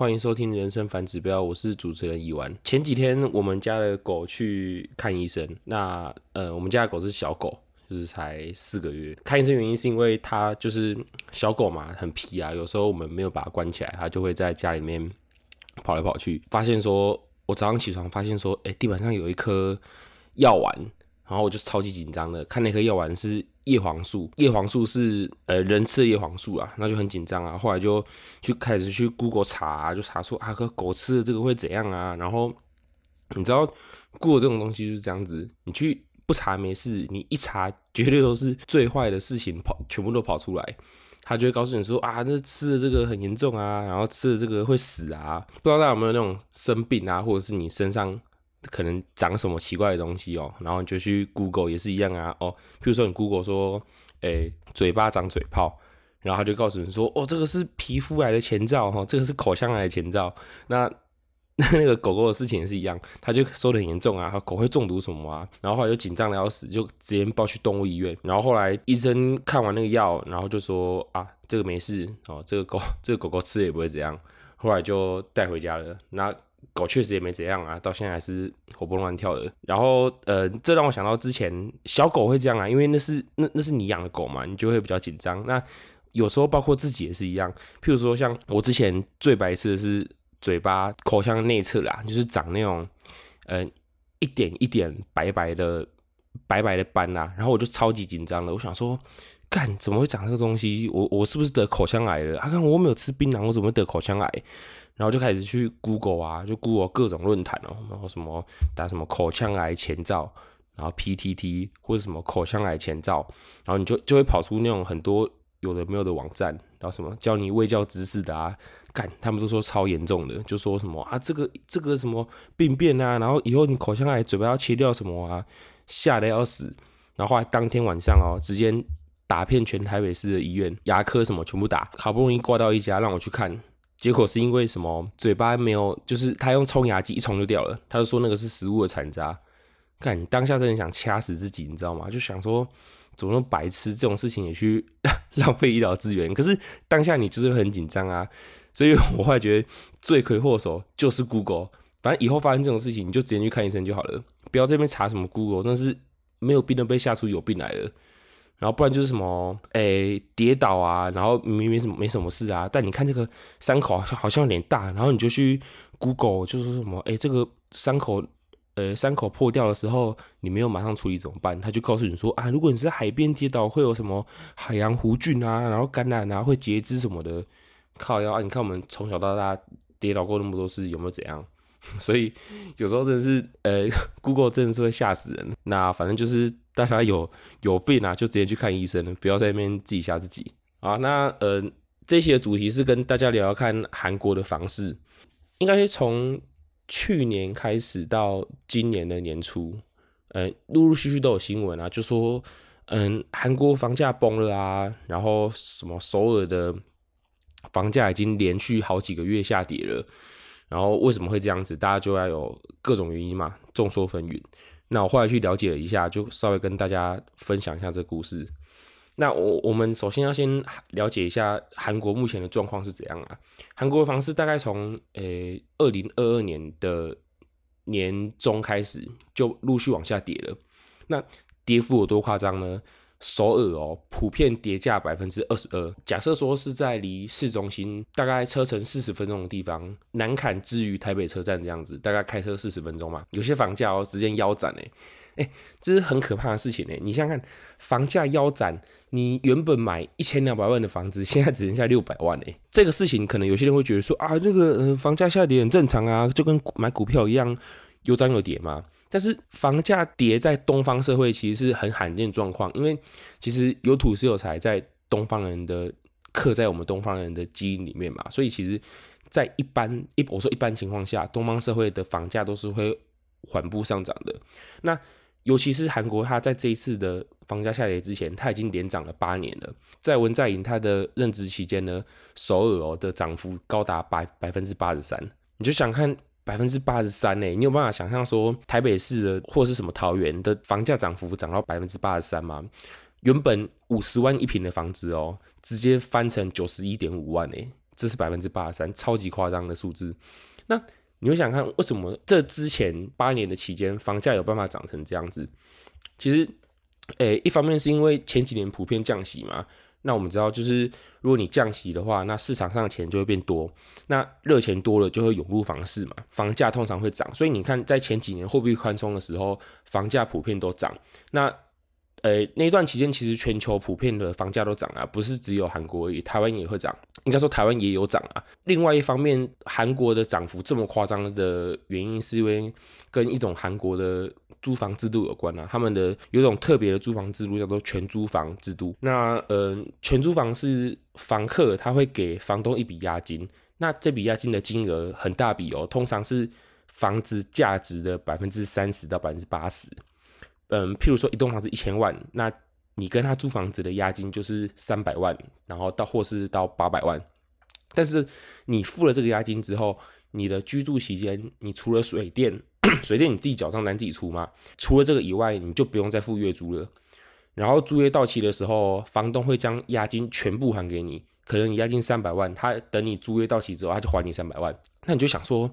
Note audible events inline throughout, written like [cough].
歡迎收聽《人生反指標》，我是主持人一完。前幾天我們家的狗去看醫生，那呃，我們家的狗是小狗，就是才四個月。看醫生原因是因為它就是小狗嘛，很皮啊。有時候我們沒有把它關起來，它就會在家裡面跑來跑去。發現說，我早上起床發現說，哎，地板上有一顆藥丸，然後我就超級緊張的看那顆藥丸是葉黃素，葉黃素是呃人吃的葉黃素啊，那就很緊張啊。後來就去就開始去 Google 查啊，就查出啊，個狗吃的這個會怎樣啊？然後你知道 Google 這種東西就是這樣子，你去不查沒事，你一查絕對都是最壞的事情跑，跑全部都跑出來。他就會告訴你說啊，那吃的這個很嚴重啊，然後吃的這個會死啊。不知道大家有沒有那種生病啊，或者是你身上，可能長什麼奇怪的東西哦、喔，然後你就去 Google 也是一樣啊，哦，譬如說你 Google 說，誒，嘴巴長嘴泡，然後他就告訴你說，哦，這個是皮膚癌的前兆哦、喔，這個是口腔癌的前兆。那那個狗狗的事情也是一樣，他就說得很嚴重啊，狗會中毒什麼啊，然後後來就緊張得要死，就直接抱去動物醫院，然後後來醫生看完那個藥，然後就說啊，這個沒事哦、喔，這個狗這個狗狗吃了也不會怎樣，後來就帶回家了。那。狗確實也沒怎樣啊，到現在還是活蹦亂跳的。然後，呃，這讓我想到之前小狗會這樣啊，因為那是那那是你養的狗嘛，你就會比較緊張。那有時候包括自己也是一樣，譬如說像我之前最白痴的是嘴巴口腔內側啦，就是長那種，呃，一點一點白白的白白的斑啦、啊。然後我就超級緊張了，我想說，幹怎麼會長這個東西？我我是不是得口腔癌了？他、啊、看我沒有吃檳榔，我怎麼會得口腔癌？然後就開始去 Google 啊，就 Google 各種論壇哦，然後什麼打什麼口腔癌前兆，然後 PTT 或者什麼口腔癌前兆，然後你就就會跑出那種很多有的沒有的網站，然後什麼教你衛教知識的啊，幹他們都說超嚴重的，就說什麼啊這個這個什麼病變啊，然後以後你口腔癌準備要切掉什麼啊，嚇得要死，然後後來當天晚上喔，直接打遍全台北市的醫院牙科什麼全部打，好不容易掛到一家讓我去看。結果是因為什麼？嘴巴沒有，就是他用沖牙機一沖就掉了。他就說那個是食物的殘渣。看，你當下真的想掐死自己，你知道嗎？就想說，怎麼那麼白癡這種事情也去浪費醫療資源？可是當下你就是很緊張啊，所以我會覺得罪魁禍首就是 Google。反正以後發生這種事情，你就直接去看醫生就好了，不要這邊查什麼 Google，但是沒有病都被嚇出有病來了。然後不然就是什麼，誒、欸，跌倒啊，然後明明沒什麼沒什麼事啊。但你看這個傷口好像好像有點大，然後你就去 Google 就說什麼，誒、欸，這個傷口，呃，傷口破掉的時候，你沒有馬上處理怎麼辦？他就告訴你說啊，如果你是在海邊跌倒，會有什麼海洋弧菌啊，然後感染啊，會截肢什麼的。靠腰啊，你看我們從小到大跌倒過那麼多次，有沒有怎樣？ [laughs] 所以有時候真的是，呃，Google 真的是會嚇死人。那反正就是。大家有有病啊，就直接去看醫生，不要在那邊自己嚇自己啊。好，那呃，這些主題的是跟大家聊聊看韓國的房市，應該是從去年開始到今年的年初，呃，陸陸續續都有新聞啊，就說嗯，韓國房價崩了啊，然後什麼首爾的房價已經連續好幾個月下跌了，然後為什麼會這樣子，大家就要有各種原因嘛，眾說紛紜。那我後來去了解了一下，就稍微跟大家分享一下這故事。那我我們首先要先了解一下韓國目前的狀況是怎樣啊？韓國的房市大概從誒二零二二年的年中開始就陸續往下跌了，那跌幅有多誇張呢？首爾哦、喔，普遍跌價百分之二十二。假設說是在離市中心大概車程四十分鐘的地方，南坎之於台北車站這樣子，大概開車四十分鐘嘛。有些房價哦、喔、直接腰斬哎、欸，誒、欸，這是很可怕的事情呢、欸。你想想看，房價腰斬，你原本買一千兩百萬的房子，現在只剩下六百萬哎、欸。這個事情可能有些人會覺得說啊，這、那個、呃、房價下跌很正常啊，就跟買股票一樣，有漲有跌嘛。但是房價跌在東方社會其實是很罕見狀況，因為其實有土是有財在東方人的刻在我們東方人的基因裡面嘛，所以其實，在一般一我說一般情況下，東方社會的房價都是會緩步上漲的。那尤其是韓國，它在這一次的房價下跌之前，它已經連漲了八年了。在文在寅他的任職期間呢，首爾哦的漲幅高達百百分之八十三，你就想看。百分之八十三呢，你有辦法想象說台北市的或是什麼桃園的房價漲幅漲到百分之八十三嗎？原本五十萬一坪的房子哦、喔，直接翻成九十一點五萬呢、欸。這是百分之八十三，超級誇張的數字。那你會想看為什麼這之前八年的期間房價有辦法漲成這樣子？其實，誒、欸，一方面是因為前幾年普遍降息嘛。那我們知道，就是如果你降息的話，那市場上的錢就會變多，那熱錢多了就會湧入房市嘛，房價通常會漲，所以你看，在前幾年貨幣寬鬆的時候，房價普遍都漲。那呃、欸，那一段期間，其實全球普遍的房價都漲啊，不是只有韓國而已，台灣也會漲，應該說台灣也有漲啊。另外一方面，韓國的漲幅這麼誇張的原因，是因為跟一種韓國的租房制度有關啊。他們的有一種特別的租房制度，叫做全租房制度。那呃，全租房是房客他會給房東一筆押金，那這筆押金的金額很大筆哦，通常是房子價值的百分之三十到百分之八十。嗯，譬如說，一棟房子一千萬，那你跟他租房子的押金就是三百萬，然後到或是到八百萬。但是你付了這個押金之後，你的居住期間，你除了水電， [coughs] 水電你自己繳賬單自己出嘛。除了這個以外，你就不用再付月租了。然後租約到期的時候，房東會將押金全部還給你。可能你押金三百萬，他等你租約到期之後，他就還你三百萬。那你就想說，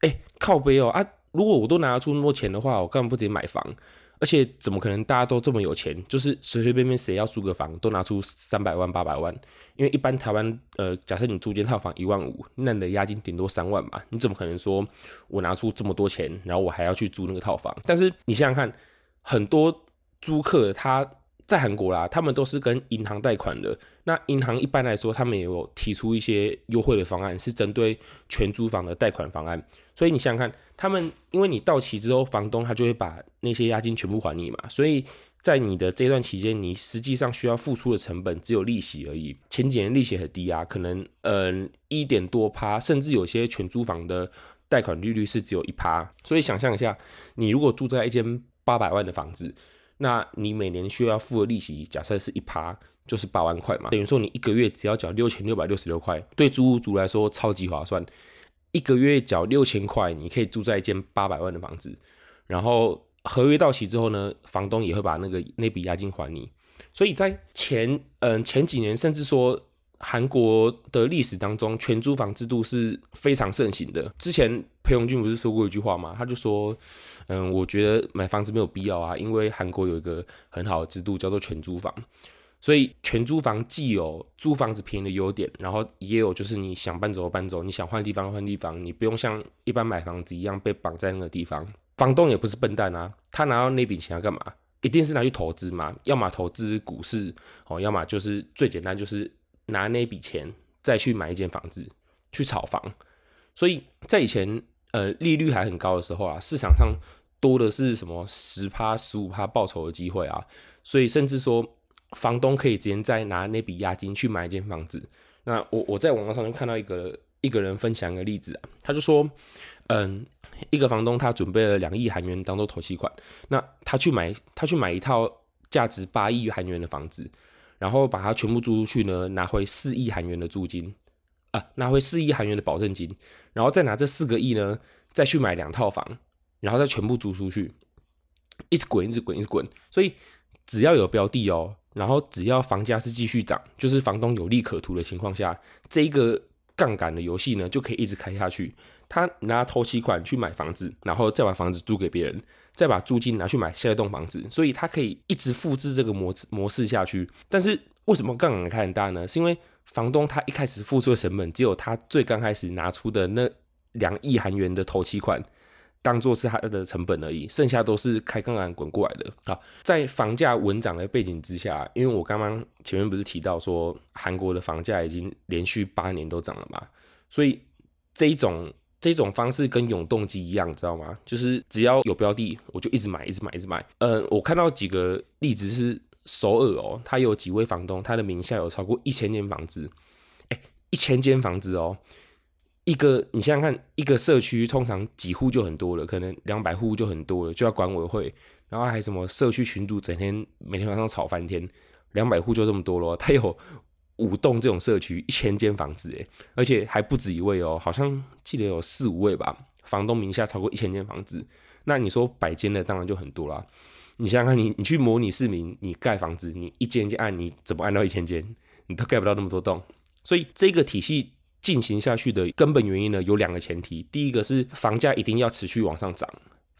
哎、欸，靠北哦啊，如果我都拿得出那麼多錢的話，我幹嘛不直接買房？而且怎麼可能大家都這麼有錢？就是隨隨便便誰要租個房都拿出三百萬八百萬，因為一般台灣呃，假設你租間套房一萬五，那你的押金頂多三萬嘛。你怎麼可能說我拿出這麼多錢，然後我還要去租那個套房？但是你想想看，很多租客他。在韓國啦，他們都是跟銀行貸款的。那銀行一般來說，他們也有提出一些優惠的方案，是針對全租房的貸款方案。所以你想想看，他們因為你到期之後，房東他就會把那些押金全部還你嘛。所以在你的這段期間，你實際上需要付出的成本只有利息而已。前幾年利息很低啊，可能嗯一點多趴，甚至有些全租房的貸款利率是只有一趴。所以想象一下，你如果住在一間八百萬的房子。那你每年需要付的利息，假設是一趴，就是八萬塊嘛，等於說你一個月只要繳六千六百六十六塊，對租屋族來說超級划算。一個月繳六千塊，你可以住在一間八百萬的房子，然後合約到期之後呢，房東也會把那個那筆押金還你。所以在前嗯前幾年，甚至說韓國的歷史當中，全租房制度是非常盛行的。之前。裴勇俊不是說過一句話嗎？他就說，嗯，我覺得買房子沒有必要啊，因為韓國有一個很好的制度叫做全租房，所以全租房既有租房子便宜的優點，然後也有就是你想搬走就搬走，你想換地方換地方，你不用像一般買房子一樣被綁在那個地方。房東也不是笨蛋啊，他拿到那筆錢要幹嘛？一定是拿去投資嘛，要麼投資股市哦，要麼就是最簡單就是拿那筆錢再去買一間房子去炒房。所以在以前，呃，利率還很高的時候啊，市場上多的是什麼十趴、十五趴報酬的機會啊，所以甚至說，房東可以直接再拿那筆押金去買一間房子。那我我在網絡上就看到一個一個人分享一個例子啊，他就說，嗯，一個房東他準備了兩億韓元當做頭期款，那他去買他去買一套價值八億韓元的房子，然後把它全部租出去呢，拿回四億韓元的租金。啊，拿回四億韓元的保證金，然後再拿這四個億呢，再去買兩套房，然後再全部租出去，一直滾，一直滾，一直滾。所以只要有標的哦，然後只要房價是繼續漲，就是房東有利可圖的情況下，這個槓桿的遊戲呢就可以一直開下去。他拿頭期款去買房子，然後再把房子租給別人，再把租金拿去買下一棟房子，所以他可以一直複製這個模模式下去。但是為什麼槓桿開很大呢？是因為房東他一開始付出的成本只有他最剛開始拿出的那兩億韓元的頭期款，當做是他的成本而已，剩下都是開槓桿滾過來的。好，在房價穩漲的背景之下，因為我剛剛前面不是提到說韓國的房價已經連續八年都漲了嘛，所以這一種這一種方式跟永動機一樣，你知道嗎？就是只要有標的，我就一直買，一直買，一直買。嗯、呃，我看到幾個例子是。首爾喔，他有幾位房東，他的名下有超過一千間房子，欸，一千間房子喔，一個你想想看，一個社區通常幾戶就很多了，可能兩百戶就很多了，就要管委會，然後還什麼社區群組整天每天晚上吵翻天，兩百戶就這麼多咯。他有五棟這種社區，一千間房子，誒，而且還不止一位喔，好像記得有四五位吧，房東名下超過一千間房子，那你說百間的當然就很多啦。你想想看你，你你去模擬市民，你蓋房子，你一間間按，你怎麼按到一千間？你都蓋不到那麼多棟。所以這個體系進行下去的根本原因呢，有兩個前提：第一個是房價一定要持續往上漲，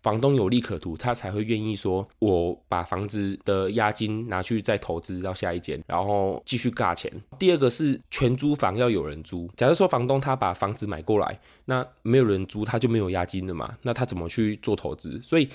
房東有利可圖，他才會願意說我把房子的押金拿去再投資到下一間，然後繼續尬錢。第二個是全租房要有人租，假如說房東他把房子買過來，那沒有人租，他就沒有押金了嘛，那他怎麼去做投資？所以。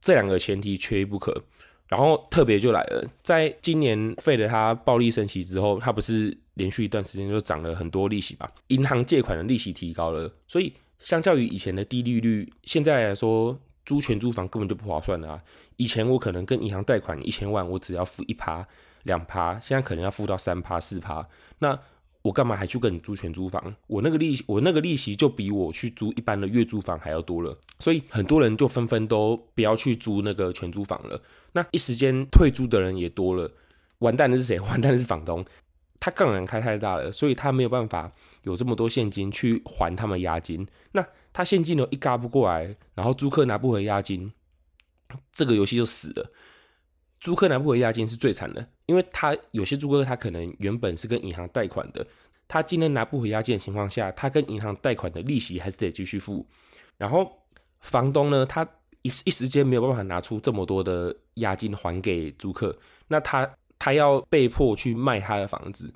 這兩個前提缺一不可，然後特別就來了，在今年 FED 的暴力升息之後，它不是連續一段時間就漲了很多利息吧？銀行借款的利息提高了，所以相較於以前的低利率，現在來說租全租房根本就不划算啊。以前我可能跟銀行貸款一千萬，我只要付一趴、兩趴，現在可能要付到三趴、四趴。那我幹嘛還去跟你租全租房？我那個利息，我那個利息就比我去租一般的月租房還要多了。所以很多人就紛紛都不要去租那個全租房了。那一時間退租的人也多了。完蛋的是誰？完蛋的是房東，他槓桿開太大了，所以他沒有辦法有這麼多現金去還他們押金。那他現金流一軋不過來，然後租客拿不回押金，這個遊戲就死了。租客拿不回押金是最慘的，因為他有些租客他可能原本是跟銀行貸款的，他今天拿不回押金的情況下，他跟銀行貸款的利息還是得繼續付。然後房東呢，他一一時間沒有辦法拿出這麼多的押金還給租客，那他他要被迫去賣他的房子。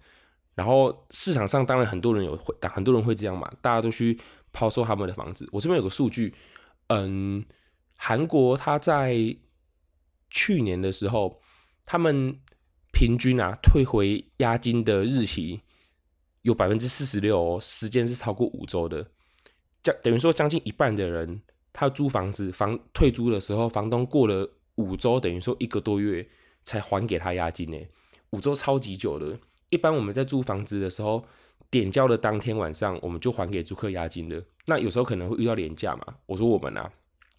然後市場上當然很多人有會，很多人會這樣嘛，大家都去拋售他們的房子。我這邊有個數據，嗯，韓國他在。去年的時候，他們平均啊退回押金的日期有百分之四十六哦，時間是超過五週的。將等於說將近一半的人，他租房子、房退租的時候，房東過了五週，等於說一個多月才還給他押金呢。五週超級久的，一般我們在租房子的時候，點交的當天晚上我們就還給租客押金的。那有時候可能會遇到連假嘛，我說我們啊，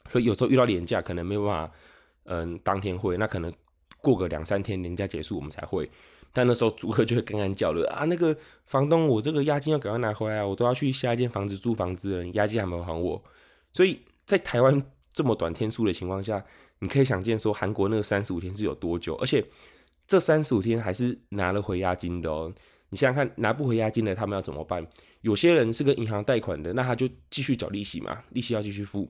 所以有時候遇到連假可能沒有辦法，嗯，當天會那可能過個兩三天，年假結束我們才會，但那時候租客就會跟人叫了啊，那個房東我這個押金要趕快拿回來啊，我都要去下一間房子租房子了，押金還沒有還我，所以在台灣這麼短天數的情況下，你可以想見說韓國那個三十五天是有多久，而且這三十五天還是拿了回押金的哦、喔，你想想看拿不回押金的他們要怎麼辦？有些人是跟銀行貸款的，那他就繼續繳利息嘛，利息要繼續付；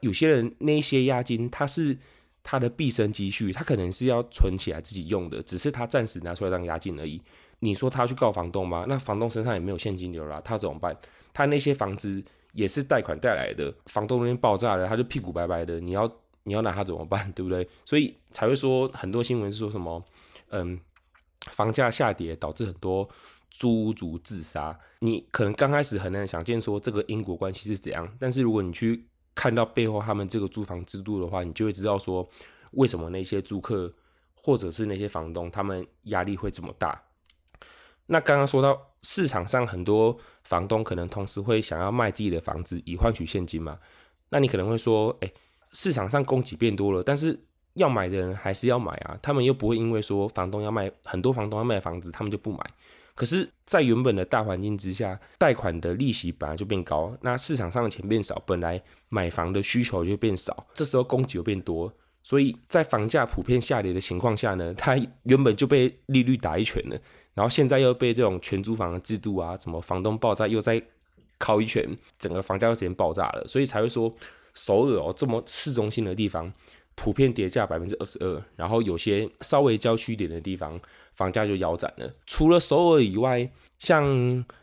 有些人那些押金他是。他的畢生積蓄，他可能是要存起來自己用的，只是他暫時拿出來當押金而已。你說他去告房東嗎？那房東身上也沒有現金流啦，他怎麼辦？他那些房子也是貸款帶來的，房東那邊爆炸了，他就屁股白白的。你要你要拿他怎麼辦，對不對？所以才會說很多新聞是說什麼，嗯，房價下跌導致很多租屋族自殺。你可能剛開始很難想見說這個因果關係是怎樣，但是如果你去。看到背後他們這個住房制度的話，你就會知道說為什麼那些租客或者是那些房東他們壓力會這麼大。那剛剛說到市場上很多房東可能同時會想要賣自己的房子以換取現金嘛，那你可能會說，誒、欸，市場上供給變多了，但是要買的人還是要買啊，他們又不會因為說房東要賣很多房東要賣房子，他們就不買。可是，在原本的大環境之下，貸款的利息本來就變高，那市場上的錢變少，本來買房的需求就變少，這時候供給又變多，所以在房價普遍下跌的情況下呢，它原本就被利率打一拳了，然後現在又被這種全租房的制度啊，什麼房東爆炸又再敲一拳，整個房價又直接爆炸了，所以才會說首爾哦，這麼市中心的地方。普遍跌價百分之二十二，然後有些稍微郊區一點的地方，房價就腰斬了。除了首爾以外，像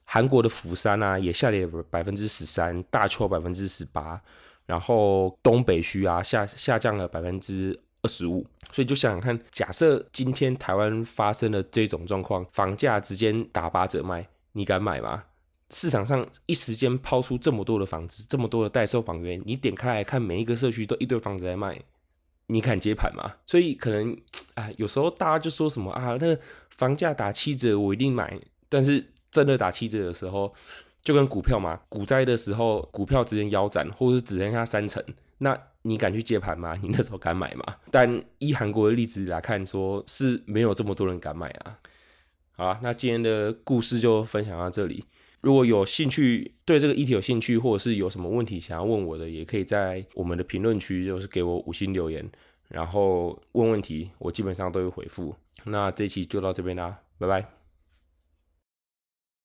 韓國的釜山啊，也下跌百分之十三，大邱百分之十八，然後東北區啊下下降了百分之二十五。所以就想想看，假設今天台灣發生了這種狀況，房價直接打八折賣，你敢買嗎？市場上一時間拋出這麼多的房子，這麼多的代售房源，你點開來看，每一個社區都一堆房子在賣。你敢接盤嗎？所以可能，哎，有時候大家就說什麼啊？那房價打七折，我一定買。但是真的打七折的時候，就跟股票嘛，股災的時候，股票直接腰斬，或者是只剩下三成，那你敢去接盤嗎？你那時候敢買嗎？但以韓國的例子來看說，說是沒有這麼多人敢買啊。好啊，那今天的故事就分享到這裡。如果有興趣，對這個議題有興趣，或者是有什麼問題想要問我的，也可以在我們的評論區，就是給我五星留言，然後問問題，我基本上都會回復。那這一期就到這邊啦，拜拜。